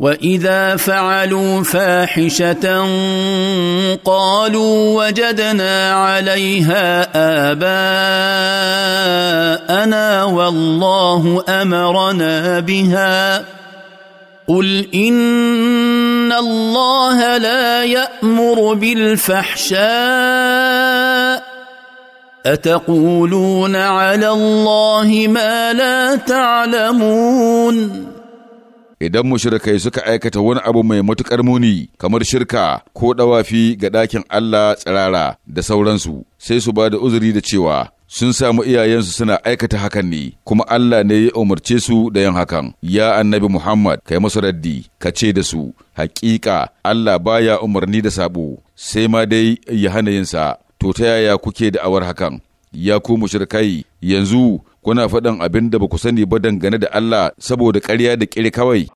واذا فعلوا فاحشه قالوا وجدنا عليها اباءنا والله امرنا بها قل ان الله لا يامر بالفحشاء اتقولون على الله ما لا تعلمون idan mushrikai suka aikata wani abu mai matuƙar muni kamar shirka ko ɗawafi ga ɗakin Allah tsirara da sauransu sai su ba da uzuri da cewa sun samu iyayensu suna aikata hakan ne kuma Allah ne ya umarce su da yin hakan ya annabi Muhammad kai masu raddi ka ce da su hakika Allah baya umarni da sabo sai ma dai ya hana yinsa to ta yaya kuke da awar hakan ya ku mushrikai yanzu kuna faɗin abin da ba ku sani ba dangane da Allah saboda ƙarya da ƙiri kawai.